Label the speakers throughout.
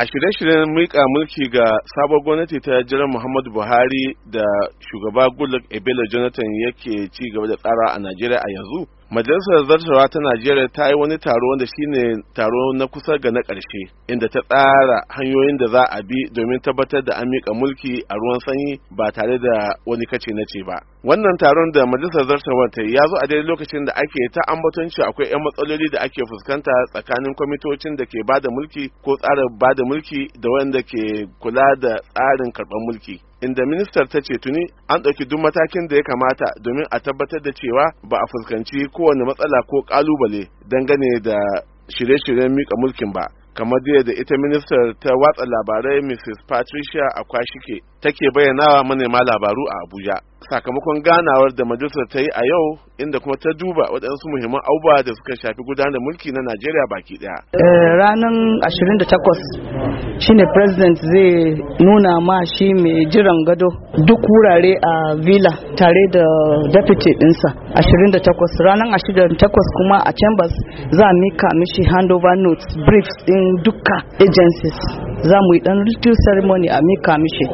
Speaker 1: a shirye-shiryen mika mulki ga sabon gwamnati ta jiran muhammadu buhari da shugaba goodluck ebele jonathan yake ci gaba da tsara a najeriya a yanzu majalisar zartarwa ta najeriya ta yi wani taro wanda shine taro na kusa ga na ƙarshe inda ta tsara hanyoyin da za a bi domin tabbatar da an miƙa mulki a ruwan sanyi ba tare da wani kace na ce ba wannan taron da majalisar zartarwa ta yi ya zo a daidai lokacin da ake ta ambaton akwai 'yan matsaloli da ake fuskanta tsakanin kwamitocin da ke bada mulki ko tsara bada mulki da wanda ke kula da tsarin karɓar mulki inda ministar ta ce tuni an ɗauki duk matakin da ya kamata domin a tabbatar da cewa ba a fuskanci kowane matsala ko ƙalubale dangane da shirye-shiryen mika mulkin ba kamar da ita ministar ta watsa labarai mrs patricia akwashike take bayyanawa manema labaru a abuja sakamakon ganawar da majalisar ta yi a yau inda kuma ta duba waɗansu muhimman abubuwa da suka shafi gudanar mulki na najeriya baki ɗaya
Speaker 2: eh, ranar
Speaker 1: 28
Speaker 2: shine president zai nuna ma shi mai jiran gado duk wurare a villa tare da deputy ɗinsa 28 ranar 28 kuma a chambers za a mika mishi handover notes briefs din duka agencies za mu yi dan ritual ceremony a mika mishi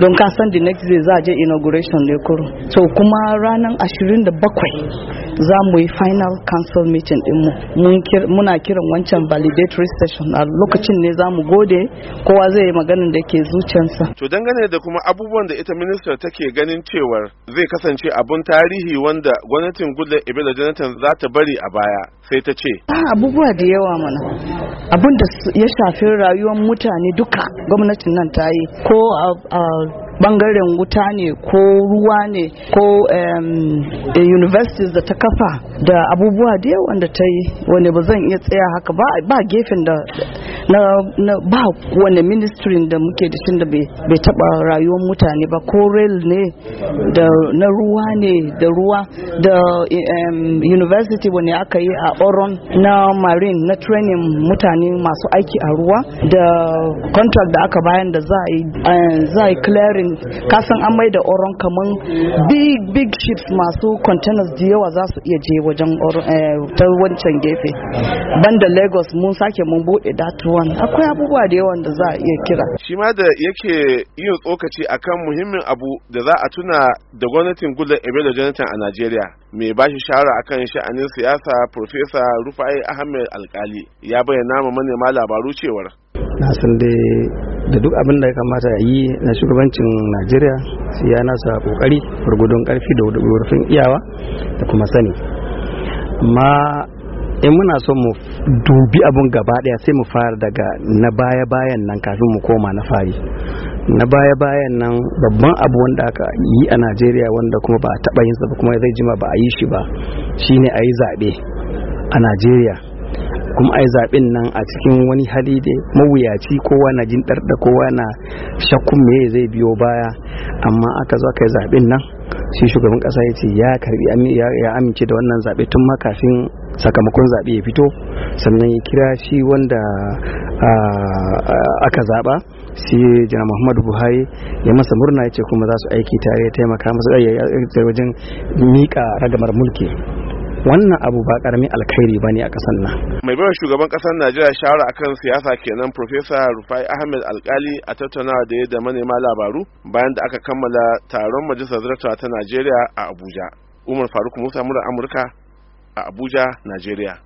Speaker 2: don kasan the next day za a je inauguration ne kuro so kuma ranar 27 za mu yi final council meeting din mu muna kiran wancan validatory session a lokacin ne za mu gode kowa zai yi maganin da ke zuciyarsa
Speaker 1: to dangane da kuma abubuwan da ita minister take ganin cewar zai kasance abun tarihi wanda gwamnatin goodluck ibela jonathan za ta bari a baya sai ta ce
Speaker 2: ah, abubuwa da yawa mana abun da ya shafi rayuwar mutane duka gwamnatin nan ta yi ko a bangaren wuta ne ko ruwa ne ko universities da ta kafa da abubuwa da yawan da ta yi wani ba zan iya tsaya haka ba gefen da na ba wani ministry da muke da shin da bai taba rayuwar mutane ba ko rail ne da na ruwa ne da ruwa da university wani aka yi a oron na marine na training mutane masu aiki a ruwa da contract da aka bayan da za a yi eh, clearing kasan an mai da oron kamar big big ships masu containers da yawa za su iya je wajen eh, ta wancan gefe banda lagos mun sake mun bude dato wani akwai abubuwa da yawan da za a iya kira
Speaker 1: shi ma da yake yin tsokaci akan muhimmin abu da za a tuna da gwamnatin gullar da jonathan a najeriya mai ba shi shawara akan sha'anin siyasa profesa rufai ahmed alkali ya bayyana ma manema labaru cewar
Speaker 3: na san dai da duk abin da ya kamata a yi na shugabancin najeriya su ya nasa kokari gurgudun karfi da rufin iyawa da kuma sani amma in muna so mu dubi abun gaba daya sai mu fara daga na baya bayan nan kafin mu koma na fari na baya bayan nan babban abu wanda aka yi a najeriya wanda kuma ba a taba yin ba kuma zai jima ba a yi shi ba shine a yi zaɓe a najeriya kuma a yi zaɓen nan a cikin wani hali da mawuyaci kowa na jin ɗarɗa kowa na shakkun me zai biyo baya amma aka zo kai zaɓen nan shi shugaban ƙasa ya ce ya ya amince da wannan zaɓe tun ma kafin sakamakon zaɓe ya fito sannan ya kira shi wanda aka zaɓa shi jana muhammadu buhari ya masa murna ya ce kuma za su aiki tare ya taimaka masa wajen miƙa ragamar mulki wannan abu ba karamin alkhairi ba ne a ƙasar nan
Speaker 1: mai bayar shugaban ƙasar najeriya shawara akan siyasa kenan professor rufai ahmed alkali a tattaunawa da ya da manema labaru bayan da aka kammala taron majalisar zartawa ta najeriya a abuja umar faruk musa murar amurka a Abuja, Nigeria.